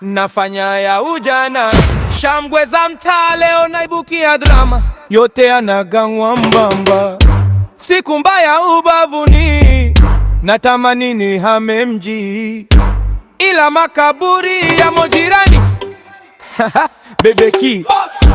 nafanya ya ujana, shamgwe za mtaa leo naibukia drama, yote yanagangwa mbamba, siku mbaya ubavuni, natamani ni hame mji, ila makaburi ya mojirani Bebe ki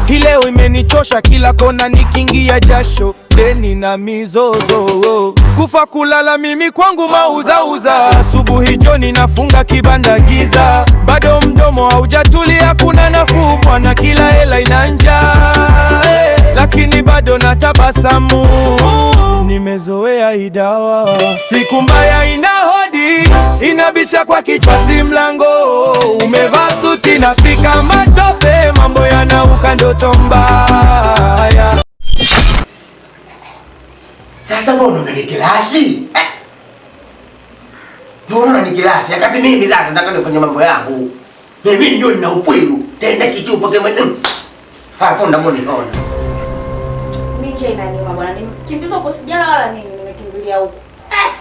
hii leo imenichosha, kila kona nikiingia jasho, deni na mizozo, oh. kufa kulala, mimi kwangu mauzauza. Asubuhi jioni nafunga kibanda giza, bado mdomo haujatulia, kuna nafuu bwana, kila hela ina njaa hey. Eh lakini bado natabasamu, nimezoea idawa. Siku mbaya inahodi, inabisha kwa kichwa, si mlango. Umevaa suti nafika matope, mambo yanauka, ndoto mbaya. Sasa mbona unanikilasi? Eh! Mbona unanikilasi? Akati mimi sasa nataka nifanye mambo yangu. Mimi ndio nina upwilu. Tena kichupa kama. Hakuna mbona ona. Nilichanganywa bwana, nimekimbizwa kwa sijala wala nini, nimekimbilia huko. Eh!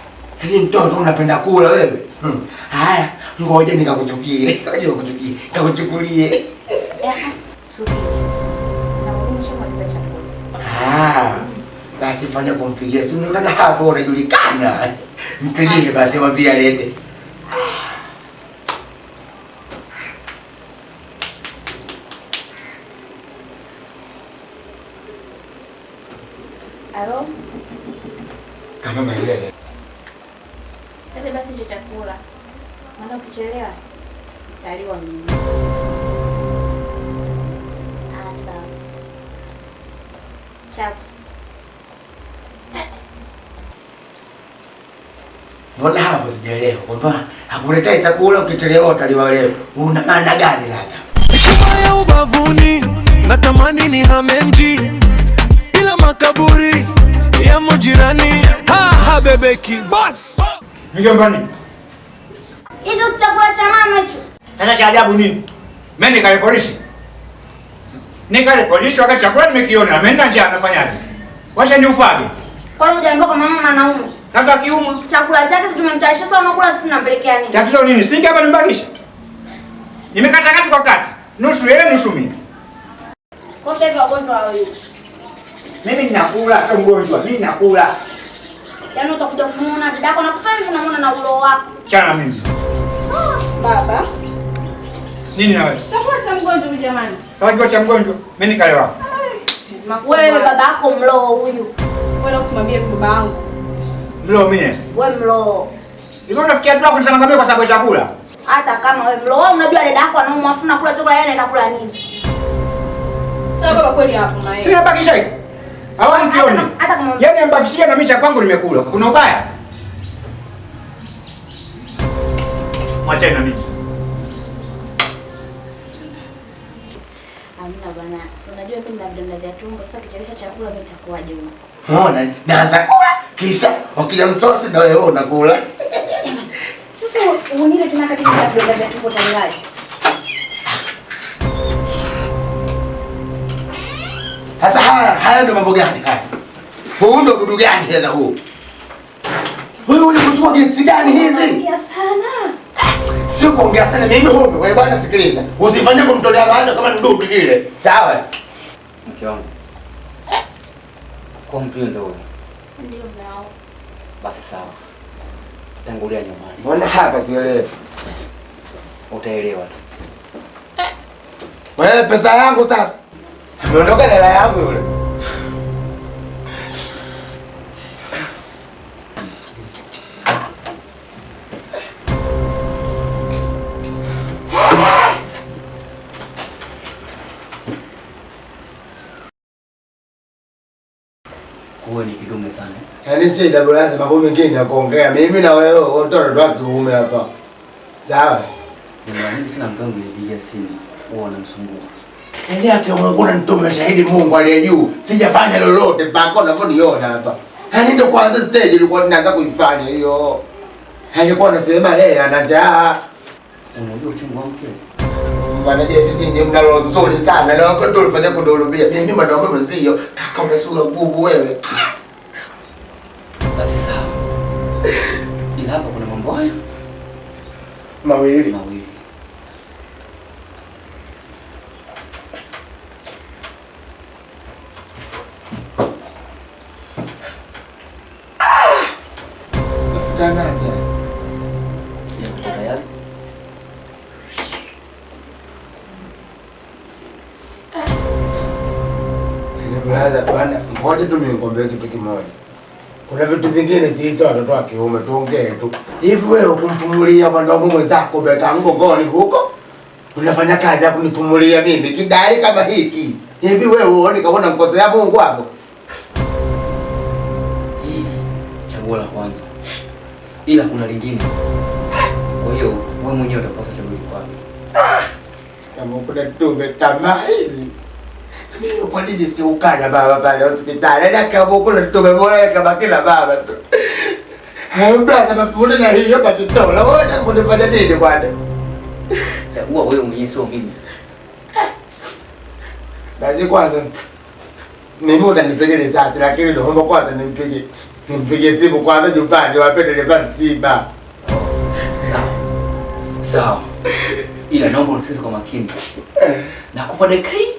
mtoto unapenda kula wewe? Hmm. Haya, ngoja nikakuchukie. Ngoja Nikakuchukulie. Eh, ah, basi fanya kumpigia simu, kana hapo unajulikana. Mpigie basi mwambie alete. Ah. Sasa basi ndio chakula, maana ukichelewa utaliwa mimi. Ah, Mbona hapo sijaelewa kwamba hakuletea chakula ukichelewa utaliwa leo. Una maana gani labda? Sikuwa ubavuni natamani ni hamenji ila makaburi ya mujirani habebeki bas. Mjomba, hizo chakula cha mama hicho. Sasa cha ajabu nini? Mimi nikale polisi. Nikale polisi wakati chakula nimekiona. Ameenda njaa anafanyaje? Wacha ni upage. Kwa nini jambo kwa mama anauma? Sasa kiumu. Chakula chake tumemtayarisha sasa unakula sisi tunampelekea nini? Tatizo nini? Singe hapa nimbakisha. Nimekata kati kwa kati. Nusu yeye nusu mimi. Kwa sababu wagonjwa wao. Mimi ninakula sio mgonjwa. Mimi ninakula. Yaani utakuja kumuona dadako na kupenzi unamuona na ulo wako. Chana mimi. Ah, baba. Nini nawe? Sasa cha mgonjwa huyu jamani. kwa cha mgonjwa, mimi nikalewa. Wewe huyu. Wewe usimwambie baba mimi. Wewe Ilikuwa nafikia tu kwa sababu chakula. Hata kama wewe unajua dadako anaumwa kula chakula yeye nini? Sasa baba kweli hapo na yeye. Hawa mkioni. Yaani ambakishia na misha kwangu nimekula. Kuna ubaya? Mwache na mimi. Amina bwana. Unajua mimi na vidonda vya tumbo, sasa kichalisha chakula nitakuwaje huko? Muone, naanza kula kisha ukija msosi na wewe unakula. Sasa unile tena katika vidonda vya tumbo tayari. Sasa haya haya ndio mambo gani haya? Huu ndio dudu gani sasa huu? Wewe ulichukua gesi gani hizi? Sio kuongea sana mimi huko. Wewe bwana sikiliza. Usifanye kumtolea maana kama dudu kile. Sawa? Mke wangu. Kwa mpio ndio huyo. Ndio nao. Basi sawa. Tangulia nyumbani. Mbona hapa sio sielewi? Utaelewa tu. Wewe pesa yangu sasa. Ameondoka na hela yangu yule. Yaani si jambo lazima mambo mengine ya kuongea. Mimi na wewe wote tunataka tuume hapa. Sawa? Ndio maana sina mtu mwingine simu. Huwa anamsumbua. Yaani umeona mtume shahidi Mungu aliye juu. Sijafanya lolote mpaka unavyoniona hapa. Yaani ndio kwanza stage nilikuwa ninaanza kuifanya hiyo. Alikuwa yaani anasema yeye ana njaa. Yaani unajua uchungu wa mke. Bwana Yesu ni ndiye mnalo nzuri sana. Leo kwa ndio tunataka kudolubia. Mimi ndio mimi nzio. Kaka una sura wewe. Basi Ila hapa kuna mambo haya mawili mawili. sana ya ngoja tu nikuambie kitu kimoja. Kuna vitu vingine siitwa watoto wa kiume, tuongee tu. Hivi wewe ukumtumulia mwanadamu mwenzako beka mgongoni huko? Unafanya kazi ya mimi kama hiki. Hivi wewe uone kaona Mungu wako. Chaguo la kwanza ila kuna lingine. Kwa hiyo wewe mwenyewe utapasa chaguo lako. Kama kuna tunge tamaa hizi mimi kwa nini si siukana baba pale hospitali? Na kama kuna tunge bora kama kila baba tu. Hembra kama kuna na hiyo patitola, wewe unataka kunifanya nini bwana? Chagua wewe mwenyewe sio mimi. Basi kwanza ni muda unanipelele sasa, lakini ndio hapo kwanza nimpige Mpigie simu kwanza nyumbani, wapeleleza msiba. Sawa ila naomba unisikilize kwa makini, nakupa dakika hii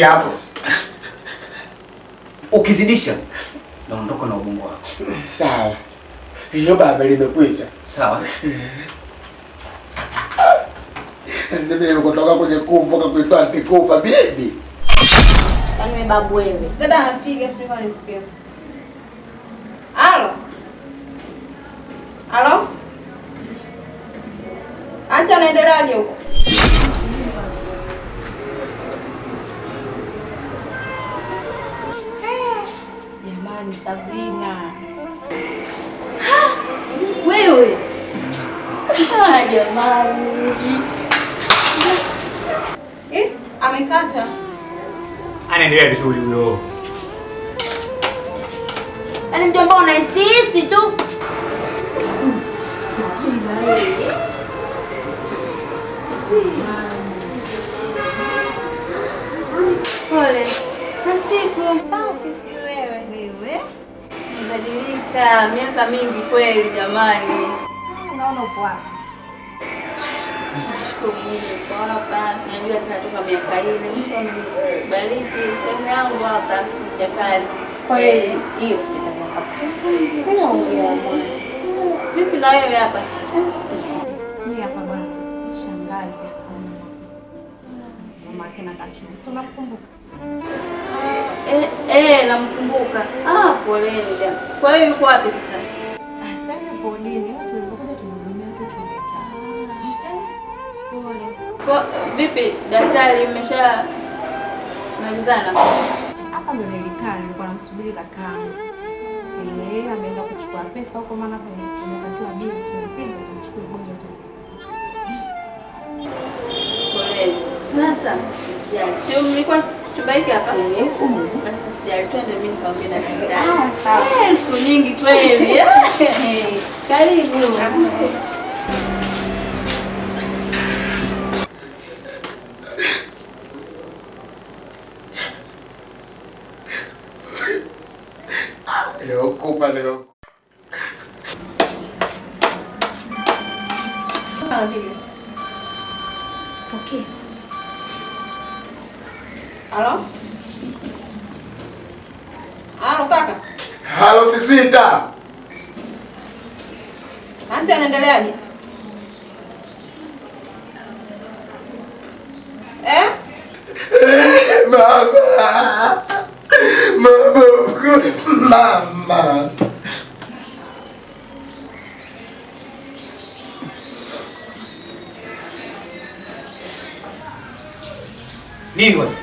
hapo. Ukizidisha naondoka na ubongo wako. Sawa hiyo baba, limekwisha. Sawa ndivyo kutoka kwenye kuvuka kuitoa ntikufa bibi Yaani wewe babu wewe. Dada anapiga sio kwa nisikia. Halo. Halo. Acha naendeleaje huko? Jamani Sabrina. Wewe. Ah jamani. Eh, amekata. 하나님 내가 비서 올리고요. 하나님 좀 보내지, 시도. Olha, Francisco, sabe o que escreveu? Wewe? Mabadilisha miaka mingi kweli jamani. Naona upo hapa. vile tukaona pana tunajua tunatoka miaka ile mtu sehemu yangu hapa Kwa hiyo hiyo hapa vipi na wewe hapa shangazi mama nakumbuka eh, namkumbuka. Ah, poleni. Kwa hiyo yuko wapi sasa? Kwa, vipi daktari, mmesha malizana? Hapa ndo nilikaa, nilikuwa namsubiri kakaangu. ameenda kuchukua pesa huko, maana tumetakiwa bili tunapenda kuchukua mgonjwa tu. Sasa mlikuwa chumba hapa? twende mimi nikaongea na daktari. Ah, nyingi kweli. Karibu. nigga. Pokea. Halo? Halo kaka. Halo sisita. Anti anaendeleaje? Mama. Mama. Mama. Nini wewe?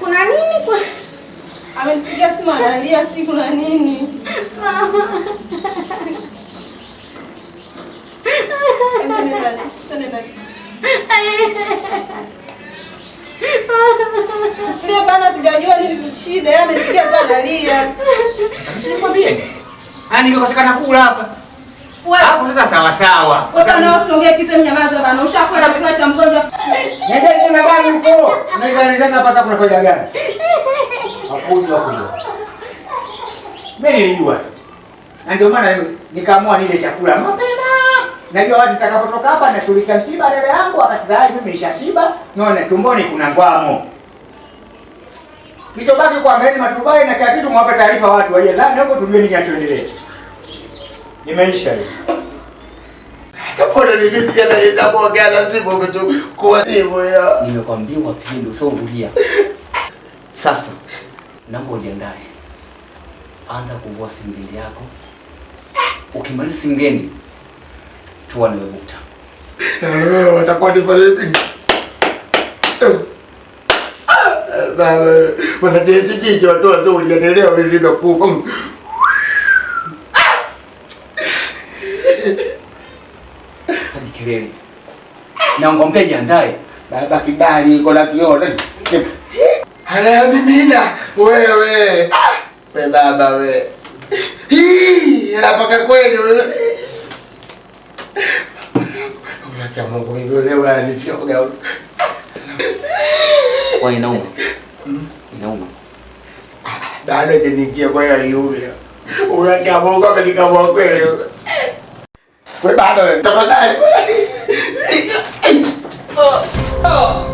Kuna nini kwa? Amenipigia simu analia si kuna nini? Mama. Sio bana, tujajua nini shida, yeye amenipigia tu analia. Nikwambie. Yaani ah, nikosekana kula hapa. Hapo sasa sawa sawa. Sasa nao usiongee kitu mnyamaza bana. Ushakuwa na cha mgonjwa. Nenda nje na bali huko. Unaweza nenda napata kuna faida gani? Hakuna hakuna. Mimi nilijua. Na ndio maana nikaamua nile chakula mapema. Najua watu nitakapotoka hapa na shirika msiba leo yangu wakati tayari mimi nishashiba. Naona tumboni kuna ngwamo. Kilichobaki kwa mbele matubai na kila mwape taarifa watu waje ndani huko tujue nini kinachoendelea. Imeisha hiyo. Mbona nilisikia Nimekwambiwa pindo sio Sasa naomba ujiandae. Anza kuvua simbili yako. Ukimaliza simbeni tuwa nimevuta. Eh, watakuwa ni eh, pale watu wazuri, endelea hivi na kufa. heri na ngombe jiandae baba kibali iko la kiona hala mimina wewe we baba we hii anapaka kweli Acha Mungu hivyo leo ananifiaga. Kwa inauma. Inauma. Bado je niingia kwa ya yule. Unakaa Mungu amenika kwa kweli. Wewe ba đời Tafadhali. Oh. này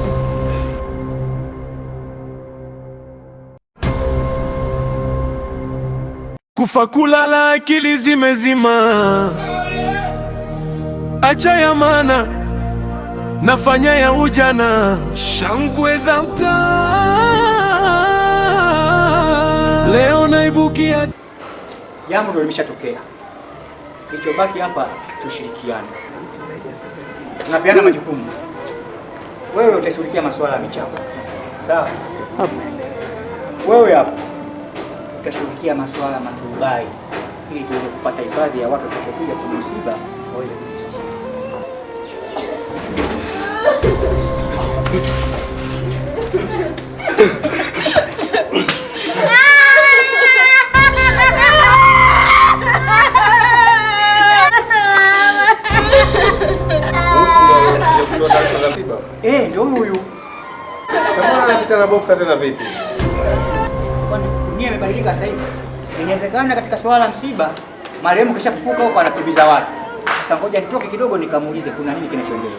Kufa kulala, akili zimezima, acha ya mana nafanya ya ujana, shangwe za mtaa, leo naibukia. Jambo ndo limeshatokea. Kilichobaki hapa tushirikiane, tunapeana majukumu. Wewe utashughulikia masuala ya michango, sawa? Wewe hapo utashughulikia masuala ya maturubai, ili tuweze kupata hifadhi ya watu watakaokuja kwa msiba waweze kujitia boxer na boxer tena vipi? Dunia imebadilika sasa hivi. Inawezekana katika swala la msiba marehemu kishafufuka huko anakimbiza watu. Sasa ngoja nitoke kidogo nikamuulize kuna nini kinachoendelea.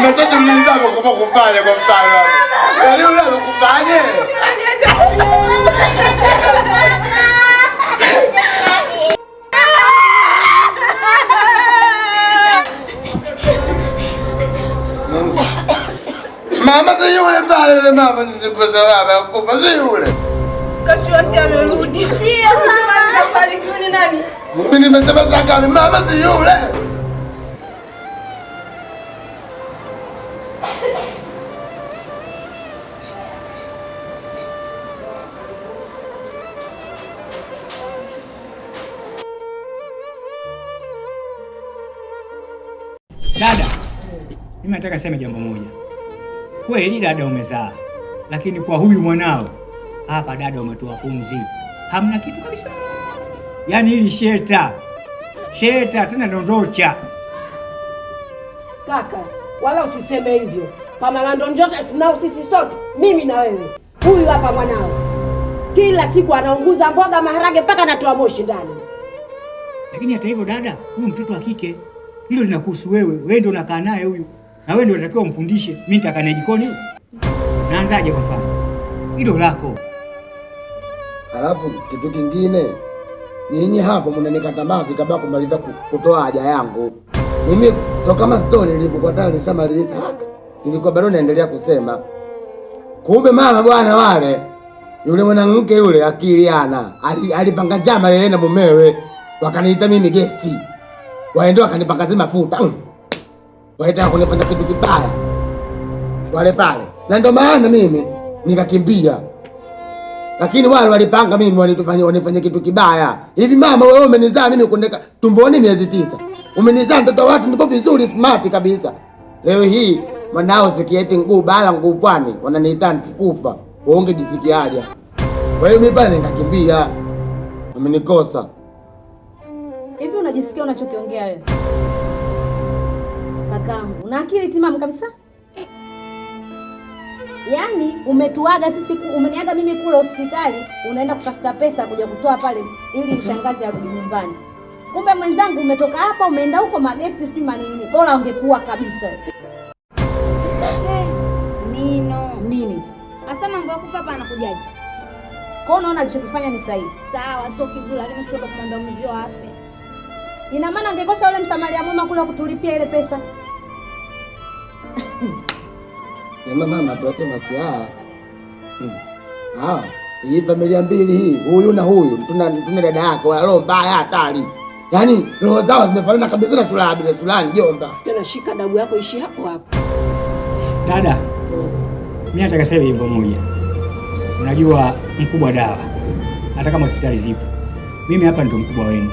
ma tanto non andiamo come compare compare ma non andiamo compare mamma se io vuole fare le mamme non si può trovare ma se io vuole che ci mettiamo l'udi sì, io sono andata a fare i culinari mi metteva a cagare mamma se io vuole Dada, mimi nataka seme jambo moja. Kweli dada, umezaa lakini kwa huyu mwanao hapa, dada, umetoa pumzi, hamna kitu kabisa. Yaani hili sheta sheta tena ndondocha. Kaka, wala usiseme hivyo, kama la ndondocha tunao sisi sote, mimi na wewe. Huyu hapa mwanao kila siku anaunguza mboga, maharage mpaka anatoa moshi ndani. Lakini hata hivyo dada, huyu mtoto wa kike hilo linakuhusu wewe, wewe ndio unakaa naye huyu, na wewe ndio unatakiwa umfundishe. Mimi nitakaa naye jikoni? Naanzaje? Kwa mfano hilo lako. Alafu kitu kingine, nyinyi hapo mnanikata mavi kabla kumaliza kutoa haja yangu mimi. So kama story nilivyokuwa tayari nishamaliza, nilikuwa bado naendelea kusema kumbe mama bwana wale yule mwanamke yule akili ana alipanga njama yeye na mumewe, wakaniita mimi gesti waende wakanipakazie mafuta mm. waitaka kunifanya kitu kibaya wale pale, na ndio maana mimi nikakimbia, lakini wale walipanga mimi wanitufanye wanifanye kitu kibaya hivi. Mama wewe umenizaa mimi kundeka tumboni miezi tisa, umenizaa mtoto watu, ndipo vizuri smart kabisa. Leo hii mwanao sikieti nguu bala nguu pwani, wananiita nikikufa waonge jisikiaja. Kwa hiyo mimi pale nikakimbia, amenikosa Hivi unajisikia unachokiongea wewe? Kakangu, una akili timamu kabisa. Eh. Yaani umetuaga sisi, umeniaga mimi kule hospitali, unaenda kutafuta pesa kuja kutoa pale ili mshangazi arudi nyumbani. Kumbe mwenzangu, umetoka hapa umeenda huko magesti, sijui manini. Bora ungekuwa kabisa eh, Nino nini? Asa mambo yako papa anakujaje? Kwa unaona alichokifanya ni sahihi? Sawa, sio kivula, lakini tuombe kumwambia mzee wa Ina maana angekosa yule msamaria mwema kule kutulipia ile pesa. Sema mama, tuache Ah, hii familia mbili hii, huyu na huyu, tuna dada wala roho mbaya hatari, yaani roho zao zimefanana kabisa na Sulabi na Sulani jomba. Tena shika dabu yako, ishi hapo hapo. Dada, mimi nataka sasa hivi moja, unajua mkubwa dawa, hata kama hospitali zipo, mimi hapa ndio mkubwa wenu.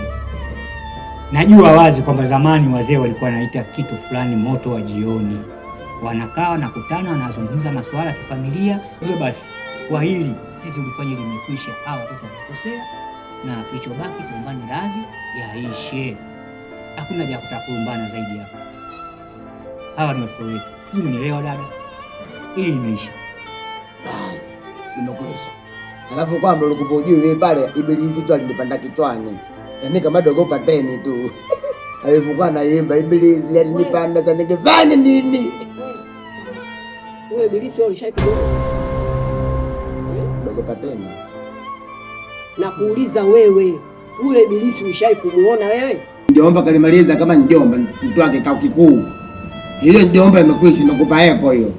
Najua wazi kwamba zamani wazee walikuwa wanaita kitu fulani moto wa jioni, wanakaa wanakutana, wanazungumza masuala ya kifamilia. Hivyo basi, kwa hili sisi ulifanya limekwisha, hawa watoto walikosea, na kilichobaki tuombane radhi yaishe. Hakuna haja ya kutaka zaidi hapo. Hawa ni watoto wetu, sijui umenielewa dada? Hili limeisha basi, limekwisha. Alafu kwamba ulikupa ujui pale, ibilisi tu alinipanda kichwani yani kama dogopa teni tu alivyokuwa naimba ibilisi alinipanda sana, ningefanya nini? Wewe ibilisi wewe ulishaki eh, dogopa teni? Na kuuliza wewe, huyo ibilisi ulishai kumuona wewe? Mjomba kalimaliza kama mjomba, mtu wake kikao kikuu hiyo, mjomba imekwisha, nakupa epo hiyo.